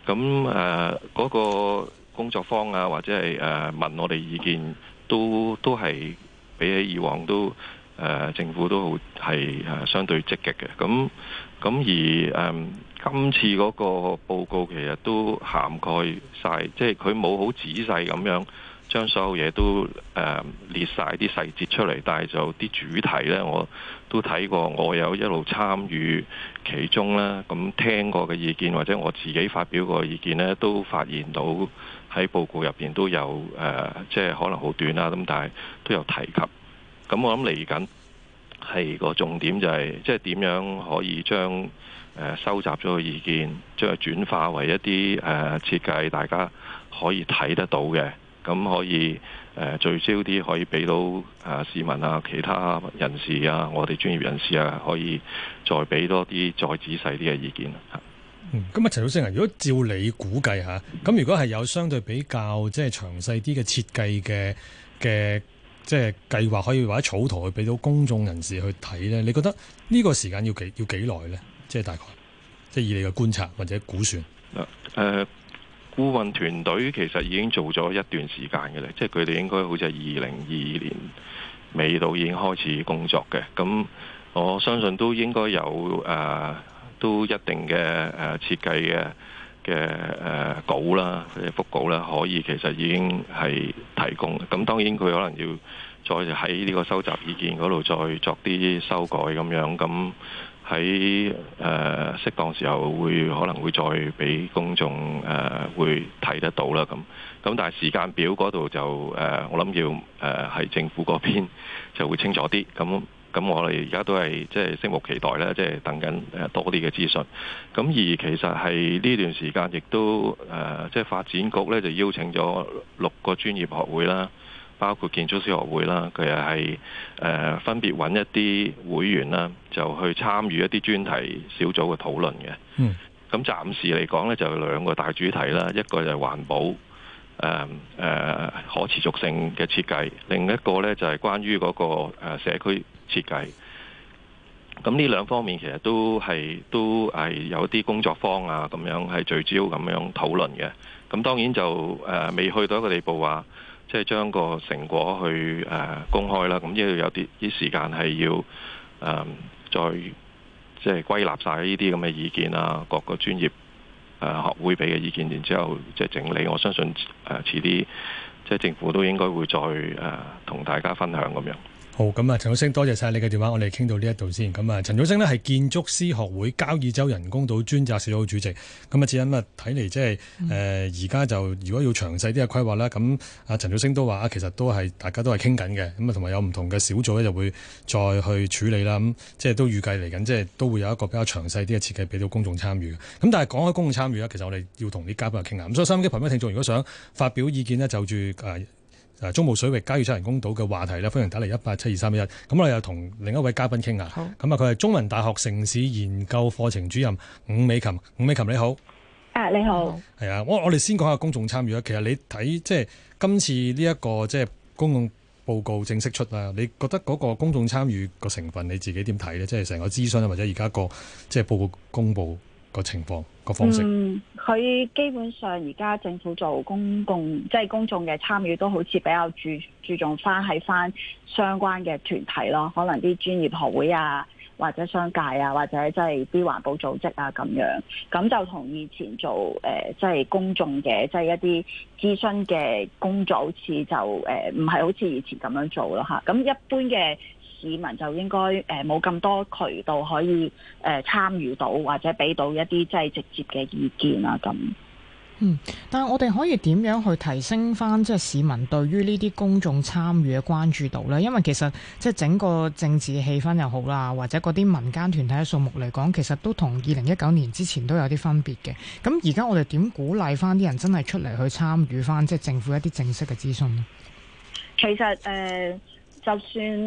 [SPEAKER 4] 咁誒嗰個工作坊啊，或者係誒、呃、問我哋意見，都都係比起以往都誒、呃、政府都好係誒相對積極嘅。咁咁而誒、呃、今次嗰個報告其實都涵蓋曬，即係佢冇好仔細咁樣。將所有嘢都、呃、列曬啲細節出嚟，但係就啲主題呢我都睇過，我有一路參與其中啦。咁聽過嘅意見或者我自己發表過嘅意見呢，都發現到喺報告入邊都有即係、呃就係、可能好短啦，咁但係都有提及。咁我諗嚟緊係個重點就係、係，即係點樣可以將、呃、收集咗嘅意見，將佢轉化為一啲、呃、設計，大家可以睇得到嘅。咁可以誒聚焦啲，可以俾到誒市民啊、其他人士啊、我哋專業人士啊，可以再俾多啲、再仔細啲嘅意見。嗯，
[SPEAKER 1] 咁啊，陳祖聲啊，如果照你估計下，咁如果係有相對比較即係詳細啲嘅設計嘅嘅即係計劃，就是計就是、計劃可以或者草圖去俾到公眾人士去睇咧，你覺得呢個時間要幾要幾耐咧？即、就、係、是、大概，即、就、係、是、以你嘅觀察或者估算。
[SPEAKER 4] 呃顧問團隊其實已經做咗一段時間嘅喇，即係佢哋應該好似係二零二二年尾到已經開始工作嘅。咁我相信都應該有誒、啊，都一定嘅誒、啊、設計嘅嘅誒稿啦，或者複稿啦，可以其實已經係提供了。咁當然佢可能要再喺呢個收集意見嗰度再作啲修改咁樣咁。那喺誒適當時候會可能會再俾公眾誒、呃、會睇得到啦咁，咁但係時間表嗰度就誒、呃、我諗要誒係、呃、政府嗰邊就會清楚啲咁，咁我哋而家都係即係拭目期待啦，即係等緊誒多啲嘅資訊。咁而其實係呢段時間亦都誒即係發展局咧就邀請咗六個專業學會啦。包括建築師學會啦，佢係誒分別揾一啲會員啦，就去參與一啲專題小組嘅討論嘅。
[SPEAKER 3] 咁、
[SPEAKER 4] mm. 暫時嚟講呢就有、是、兩個大主題啦，一個就係環保，誒、呃、誒、呃、可持續性嘅設計；另一個呢就係、是、關於嗰個社區設計。咁呢兩方面其實都係都係有啲工作坊啊，咁樣係聚焦咁樣討論嘅。咁當然就誒、呃、未去到一個地步話，即係將個成果去誒公開啦，咁呢度有啲啲時間係要誒再即係歸納晒呢啲咁嘅意見啊，各個專業誒學會俾嘅意見，然之後即係整理。我相信誒遲啲即係政府都應該會再誒同大家分享咁樣。
[SPEAKER 1] 好，咁啊，陳祖聲，多謝晒你嘅電話，我哋傾到呢一度先。咁啊，陳祖聲呢係建築師學會交椅洲人工島專責小組主席。咁啊，只因啊，睇嚟即係誒，而家就如果要詳細啲嘅規劃啦，咁啊，陳祖聲都話啊，其實都係大家都係傾緊嘅。咁啊，同埋有唔同嘅小組咧，就會再去處理啦。咁即係都預計嚟緊，即係都會有一個比較詳細啲嘅設計俾到公眾參與。咁但係講開公眾參與咧，其實我哋要同啲嘉賓傾下。咁所以收音機旁邊嘅聽眾，如果想發表意見呢，就住誒。呃誒中部水域交椅洲人工島嘅話題咧，歡迎打嚟一八七二三一。咁我又同另一位嘉賓傾下。好，咁啊，佢係中文大學城市研究課程主任伍美琴。伍美琴你好。
[SPEAKER 5] 啊，你好。
[SPEAKER 1] 係啊，我我哋先講下公眾參與啦。其實你睇即係今次呢、這、一個即係、就是、公眾報告正式出啦。你覺得嗰個公眾參與個成分，你自己點睇呢？即係成個諮詢或者而家、那個即係、就是、報告公佈個情況。嗯，
[SPEAKER 5] 佢基本上而家政府做公共即係公眾嘅參與，都好似比較注注重翻喺翻相關嘅團體咯，可能啲專業學會啊，或者商界啊，或者即係啲環保組織啊咁樣，咁就同以前做誒即係公眾嘅即係一啲諮詢嘅工作，好似就誒唔係好似以前咁樣做咯吓，咁一般嘅。市民就應該誒冇咁多渠道可以誒參與到或者俾到一啲即係直接嘅意見啊，咁。嗯，
[SPEAKER 2] 但係我哋可以點樣去提升翻即係市民對於呢啲公眾參與嘅關注度咧？因為其實即係整個政治氣氛又好啦，或者嗰啲民間團體嘅數目嚟講，其實都同二零一九年之前都有啲分別嘅。咁而家我哋點鼓勵翻啲人真係出嚟去參與翻即係政府一啲正式嘅諮詢咧？
[SPEAKER 5] 其實誒。呃就算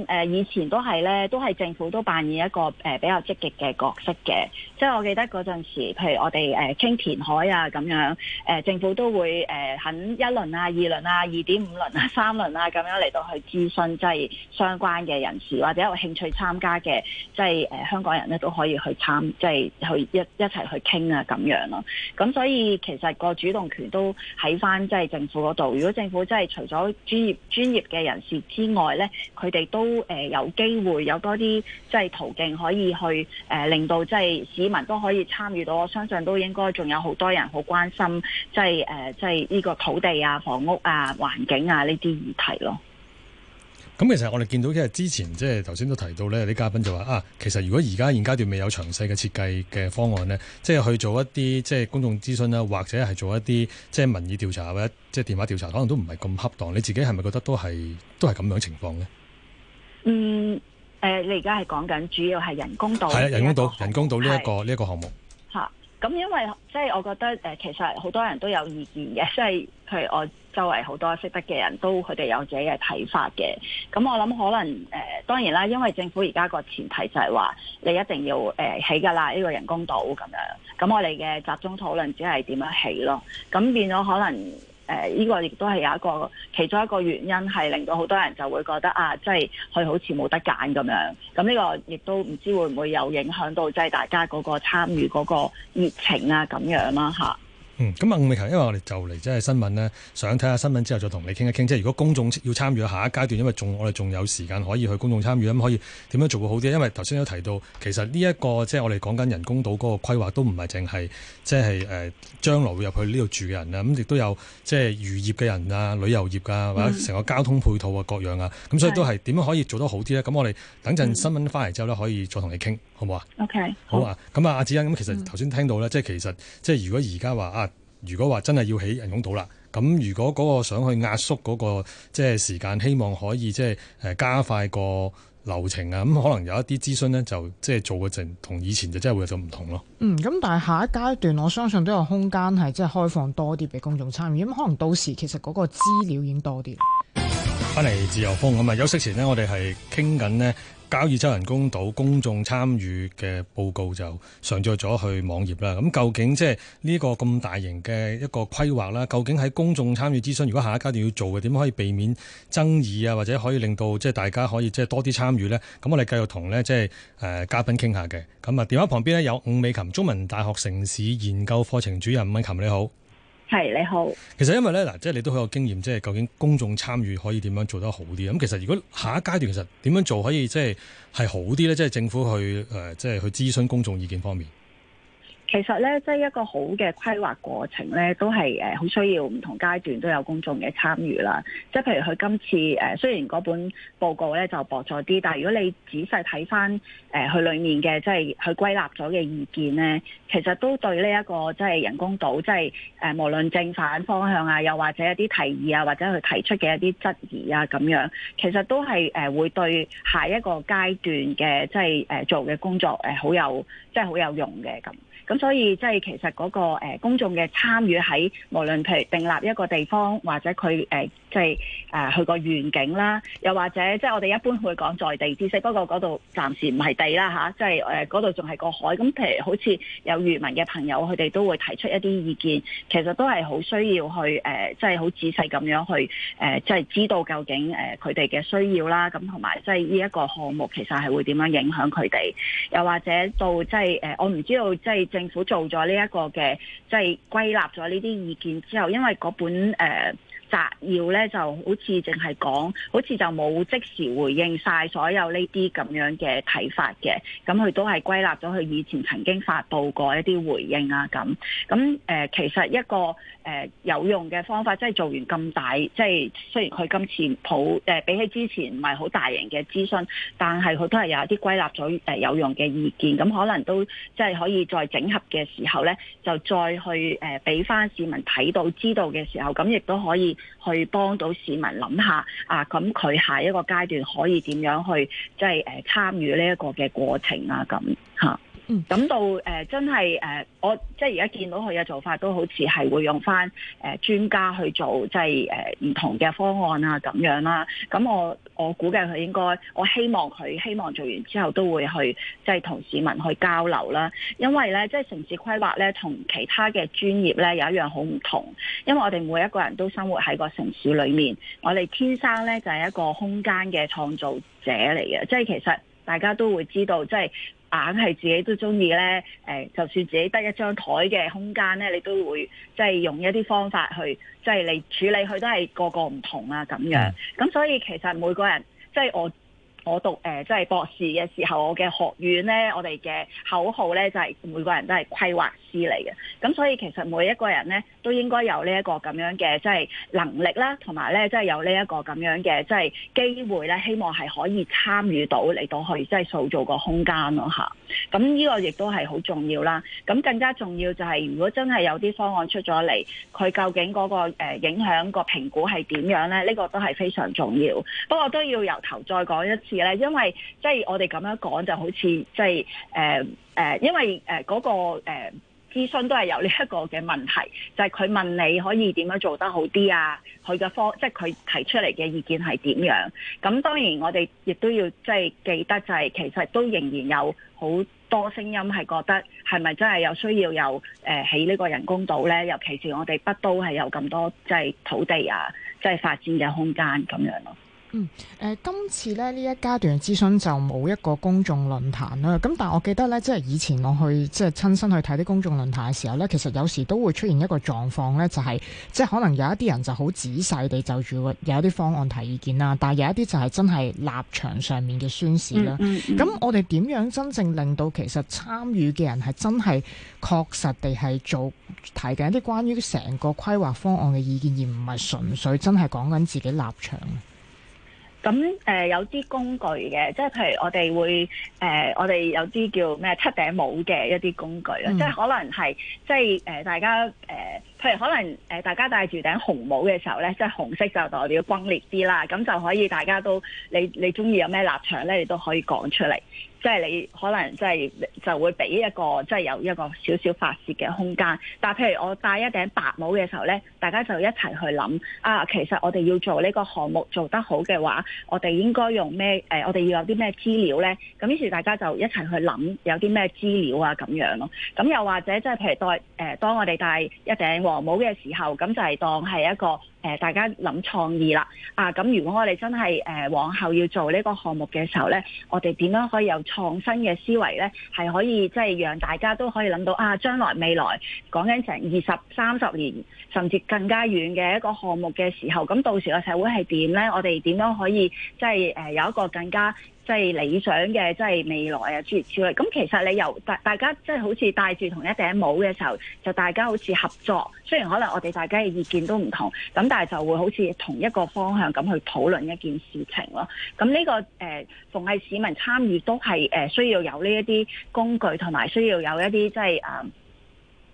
[SPEAKER 5] 誒以前都係咧，都係政府都扮演一個誒比較積極嘅角色嘅。即係我記得嗰陣時，譬如我哋誒傾填海啊咁樣，誒政府都會誒肯一輪啊、二輪啊、二點五輪啊、三輪啊咁樣嚟到去諮詢，即係相關嘅人士或者有興趣參加嘅，即係誒香港人咧都可以去參，即係去一一齊去傾啊咁樣咯。咁所以其實個主動權都喺翻即係政府嗰度。如果政府真係除咗專業專業嘅人士之外咧，佢哋都誒有機會有多啲即係途徑可以去誒令到即係市民都可以參與到，我相信都應該仲有好多人好關心即係誒即係呢個土地啊、房屋啊、環境啊呢啲
[SPEAKER 1] 議題咯。咁其實我哋見到即係之前，即係頭先都提到咧，有啲嘉賓就話啊，其實如果而家現階段未有詳細嘅設計嘅方案呢，即係去做一啲即係公眾諮詢啦，或者係做一啲即係民意調查，或者即係電話調查，可能都唔係咁恰當。你自己係咪覺得都係都係咁樣情況呢？嗯，誒、呃，
[SPEAKER 5] 你而家係講緊主要係人工島
[SPEAKER 1] 係啊，人工島，人工島呢一個呢一個項目。
[SPEAKER 5] 咁因為即係我覺得呃，其實好多人都有意見嘅，即係譬如我周圍好多識得嘅人都佢哋有自己嘅睇法嘅。咁我諗可能呃，當然啦，因為政府而家個前提就係話你一定要呃起㗎啦，呢個人工島咁樣。咁我哋嘅集中討論只係點樣起咯。咁變咗可能。誒、呃、依、這個亦都係有一個其中一個原因，係令到好多人就會覺得啊，即係佢好似冇得揀咁樣。咁、嗯、呢、這個亦都唔知會唔會有影響到即係、就是、大家嗰個參與嗰個熱情啊咁樣啦、啊、嚇。
[SPEAKER 1] 咁、嗯、啊，伍美琴，因為我哋就嚟即係新聞咧，想睇下新聞之後再同你傾一傾，即係如果公眾要參與下一階段，因為仲我哋仲有時間可以去公眾參與，咁可以點樣做會好啲？因為頭先都提到，其實呢、這、一個即係我哋講緊人工島嗰個規劃都，都唔係淨係即係誒、呃、將來會入去呢度住嘅人啦，咁亦都有即係漁業嘅人啊、旅遊業啊，或者成個交通配套啊、嗯、各樣啊，咁所以都係點樣可以做得好啲咧？咁、嗯、我哋等陣新聞翻嚟之後咧，可以再同你傾，好唔好啊？OK，好，好、嗯嗯、啊。咁啊，阿子欣，咁其實頭先聽到咧，即係其實即係如果而家話啊。如果話真係要起人工島啦，咁如果嗰個想去壓縮嗰個即係時間，希望可以即係誒加快個流程啊，咁可能有一啲諮詢呢，就即係做嗰陣同以前就真係會有種唔同咯。
[SPEAKER 2] 嗯，咁但係下一階段我相信都有空間係即係開放多啲俾公眾參與，咁可能到時其實嗰個資料已經多啲。
[SPEAKER 1] 翻嚟自由風咁啊！休息前呢，我哋係傾緊呢。交椅洲人工島公眾參與嘅報告就上載咗去網頁啦。咁究竟即係呢個咁大型嘅一個規劃啦，究竟喺公眾參與諮詢，如果下一階段要做嘅，點可以避免爭議啊？或者可以令到即係大家可以即係多啲參與呢？咁我哋繼續同呢即係誒嘉賓傾下嘅。咁啊，電話旁邊呢，有伍美琴，中文大學城市研究課程主任，伍美琴你好。係，你好。其實因為咧嗱，即係你都好有經驗，即係究竟公眾參與可以點樣做得好啲？咁其實如果下一階段，其實點樣做可以即係係好啲咧？即係政府去誒，即係去諮詢公眾意見方面。
[SPEAKER 5] 其實咧，即係一個好嘅規劃過程咧，都係誒好需要唔同階段都有公眾嘅參與啦。即係譬如佢今次誒，雖然嗰本報告咧就薄咗啲，但係如果你仔細睇翻誒佢裏面嘅即係佢歸納咗嘅意見咧，其實都對呢一個即係人工島即係誒無論正反方向啊，又或者一啲提議啊，或者佢提出嘅一啲質疑啊咁樣，其實都係誒會對下一個階段嘅即係誒做嘅工作誒好有即係好有用嘅咁。咁所以即係其實嗰個誒公眾嘅參與喺無論譬如定立一個地方或者佢誒即係誒佢個願景啦，又或者即係我哋一般會講在地知識，不過嗰度暫時唔係地啦吓，即係誒嗰度仲係個海。咁譬如好似有漁民嘅朋友，佢哋都會提出一啲意見，其實都係好需要去誒即係好仔細咁樣去誒即係知道究竟誒佢哋嘅需要啦，咁同埋即係呢一個項目其實係會點樣影響佢哋，又或者到即係誒我唔知道即係。政府做咗呢一個嘅，即係歸納咗呢啲意見之後，因為嗰本，呃。呃摘要咧就好似淨係講，好似就冇即時回應晒所有呢啲咁樣嘅睇法嘅。咁佢都係歸納咗佢以前曾經發佈過一啲回應啊，咁咁誒，其實一個誒有用嘅方法，即係做完咁大，即係雖然佢今次冇誒，比起之前唔係好大型嘅諮詢，但係佢都係有一啲歸納咗誒有用嘅意見。咁可能都即係可以再整合嘅時候咧，就再去誒俾翻市民睇到、知道嘅時候，咁亦都可以。去幫到市民諗下啊，咁佢下一個階段可以點樣去即係誒參與呢一個嘅過程啊？咁嚇。咁、嗯、到誒、呃、真係誒、呃，我即係而家見到佢嘅做法，都好似係會用返誒、呃、專家去做，即係誒唔同嘅方案啊咁樣啦。咁我我估計佢應該，我希望佢希望做完之後都會去即係同市民去交流啦。因為咧，即係城市規劃咧，同其他嘅專業咧有一樣好唔同。因為我哋每一個人都生活喺個城市裏面，我哋天生咧就係、是、一個空間嘅創造者嚟嘅。即係其實。大家都會知道，即係硬係自己都中意咧。誒，就算自己得一張台嘅空間咧，你都會即係用一啲方法去，即係嚟處理，佢都係個個唔同啊咁樣。咁、yeah. 所以其實每個人，即係我。我讀誒即係博士嘅時候，我嘅學院咧，我哋嘅口號咧就係、是、每個人都係規劃師嚟嘅，咁所以其實每一個人咧都應該有呢一個咁樣嘅即係能力啦，同埋咧即係有呢一、就是、個咁樣嘅即係機會咧，希望係可以參與到嚟到去即係、就是、塑造個空間咯吓，咁呢個亦都係好重要啦。咁更加重要就係如果真係有啲方案出咗嚟，佢究竟嗰個影響、個評估係點樣咧？呢、這個都係非常重要。不過都要由頭再講一次。因為即係、就是、我哋咁樣講就好似即係誒誒，因為誒嗰、呃那個誒諮詢都係有呢一個嘅問題，就係、是、佢問你可以點樣做得好啲啊？佢嘅方即係佢提出嚟嘅意見係點樣？咁當然我哋亦都要即係、就是、記得、就是，就係其實都仍然有好多聲音係覺得係咪真係有需要有誒起呢個人工島咧？尤其是我哋北都係有咁多即係、就是、土地啊，即、就、係、是、發展嘅空間咁樣咯、啊。
[SPEAKER 2] 嗯、呃，今次咧呢一階段諮詢就冇一個公眾論壇啦。咁，但我記得呢，即係以前我去即係親身去睇啲公眾論壇嘅時候呢，其實有時都會出現一個狀況呢，就係、是、即係可能有一啲人就好仔細地就住有，有一啲方案提意見啦，但係有一啲就係真係立場上面嘅宣示啦。咁、嗯嗯嗯、我哋點樣真正令到其實參與嘅人係真係確實地係做提緊一啲關於成個規劃方案嘅意見，而唔係純粹真係講緊自己立場。
[SPEAKER 5] 咁誒、呃、有啲工具嘅，即係譬如我哋會誒、呃，我哋有啲叫咩七頂帽嘅一啲工具、嗯、即係可能係即係大家誒、呃，譬如可能大家戴住頂紅帽嘅時候咧，即係紅色就代表轟烈啲啦，咁就可以大家都，你你中意有咩立場咧，你都可以講出嚟。即係你可能即係就會俾一個即係有一個少少發泄嘅空間，但係譬如我戴一頂白帽嘅時候咧，大家就一齊去諗啊，其實我哋要做呢個項目做得好嘅話，我哋應該用咩？誒，我哋要有啲咩資料咧？咁於是大家就一齊去諗有啲咩資料啊咁樣咯。咁又或者即係譬如當誒當我哋戴一頂黃帽嘅時候，咁就係當係一個。誒，大家諗創意啦！啊，咁如果我哋真係誒、啊、往後要做呢個項目嘅時候呢，我哋點樣可以有創新嘅思維呢？係可以即係、就是、讓大家都可以諗到啊！將來未來講緊成二十三十年，甚至更加遠嘅一個項目嘅時候，咁到時個社會係點呢？我哋點樣可以即係、就是啊、有一個更加即、就、係、是、理想嘅，即係未來啊，諸如此類。咁其實你由大大家即係好似戴住同一頂帽嘅時候，就大家好似合作。雖然可能我哋大家嘅意見都唔同，咁但係就會好似同一個方向咁去討論一件事情咯。咁呢、這個誒，凡、呃、係市民參與都係誒需要有呢一啲工具，同埋需要有一啲即係啊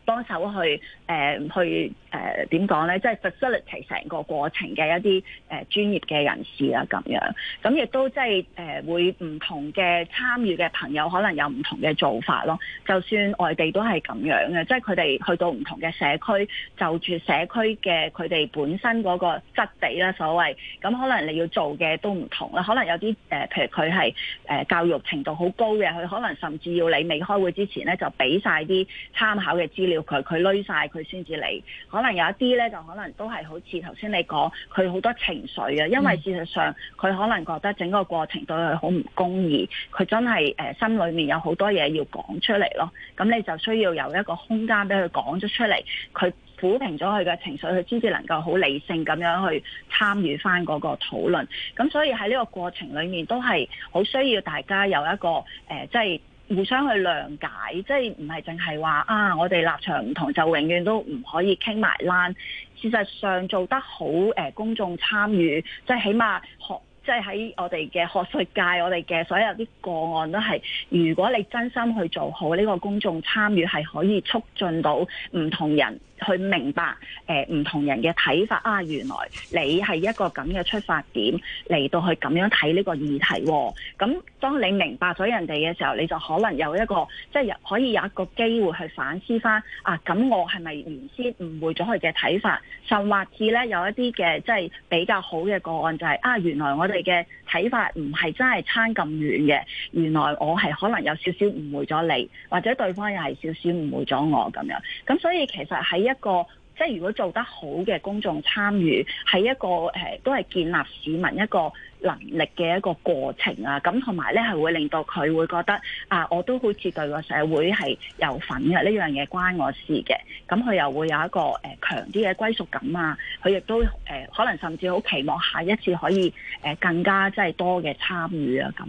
[SPEAKER 5] 幫手去誒去，呃去誒點講咧，即係、就是、facilitate 成個過程嘅一啲誒專業嘅人士啊，咁樣咁亦都即係誒會唔同嘅參與嘅朋友，可能有唔同嘅做法咯。就算外地都係咁樣嘅，即係佢哋去到唔同嘅社區，就住社區嘅佢哋本身嗰個質地啦，所謂咁可能你要做嘅都唔同啦。可能有啲誒、呃，譬如佢係誒教育程度好高嘅，佢可能甚至要你未開會之前咧就俾晒啲參考嘅資料佢，佢攏晒佢先至嚟。可能有一啲呢，就可能都係好似頭先你講，佢好多情緒啊，因為事實上佢可能覺得整個過程對佢好唔公義，佢真係誒心裏面有好多嘢要講出嚟咯。咁你就需要有一個空間俾佢講咗出嚟，佢撫平咗佢嘅情緒，佢先至能夠好理性咁樣去參與翻嗰個討論。咁所以喺呢個過程裏面，都係好需要大家有一個誒，即、呃、係。就是互相去諒解，即係唔係淨係話啊，我哋立場唔同就永遠都唔可以傾埋欄，事實上做得好誒公眾參與，即係起碼學即係喺我哋嘅學術界，我哋嘅所有啲個案都係，如果你真心去做好呢個公眾參與係可以促進到唔同人。去明白誒唔、呃、同人嘅睇法啊，原來你係一個咁嘅出發點嚟到去咁樣睇呢個議題、哦，咁當你明白咗人哋嘅時候，你就可能有一個即係、就是、可以有一個機會去反思翻。啊，咁我係咪原先誤會咗佢嘅睇法，甚或至咧有一啲嘅即係比較好嘅個案，就是，就係啊，原來我哋嘅睇法唔係真係差咁遠嘅。原來我係可能有少少誤會咗你，或者對方又係少少誤會咗我咁樣，咁所以其實喺一個即係如果做得好嘅公眾參與，係一個誒都係建立市民一個能力嘅一個過程啊。咁同埋咧係會令到佢會覺得啊，我都好似對個社會係有份嘅，呢樣嘢關我事嘅。咁佢又會有一個誒強啲嘅歸屬感啊。佢亦都誒、呃、可能甚至好期望下一次可以誒、呃、更加即係多嘅參與啊咁。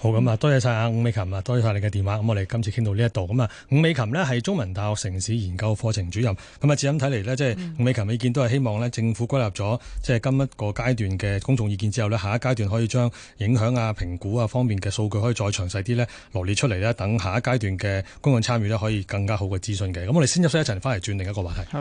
[SPEAKER 1] 好，咁啊，多謝晒啊，伍美琴啊，多謝晒你嘅電話。咁我哋今次傾到呢一度，咁啊，伍美琴呢係中文大學城市研究課程主任。咁啊，自咁睇嚟呢，即係伍美琴意見都係希望呢政府歸納咗即係今一個階段嘅公眾意見之後呢，下一階段可以將影響啊、評估啊方面嘅數據可以再詳細啲呢羅列出嚟呢，等下一階段嘅公眾參與呢，可以更加好嘅資訊嘅。咁我哋先休息一陣，翻嚟轉另一個話題。